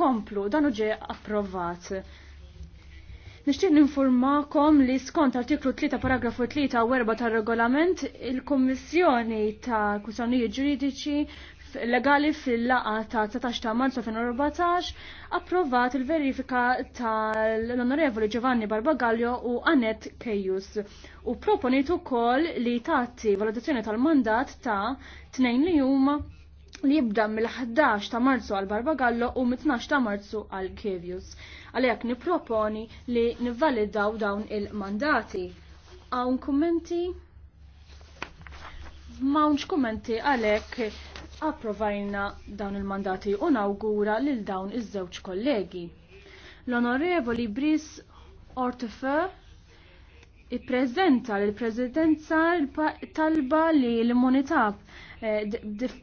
komplu, dan uġe approvat. Nishtiq ninformakom li skont artiklu 3 paragrafu 3 u 4 tal-regolament il-Kommissjoni ta' Kwistjonijiet Ġuridiċi legali fil-laqa ta' 19 ta' marzu 2014 approvat il-verifika tal-Onorevoli Giovanni Barbagallo u Annette Kejus u proponitu kol li tatti valutazzjoni tal-mandat ta' tnejn li juma li jibda mill-11 ta' marzu għal Barbagallo u mit-12 ta' marzu għal Kevius. Għalhekk niproponi li nivvalidaw dawn il-mandati. Hawn kummenti? Mawnx kummenti għalhekk approvajna dawn il-mandati u nawgura lil dawn iż-żewġ kollegi. L-Onorevoli Bris i-prezenta lill-Presidenza talba li l-immunitab eh,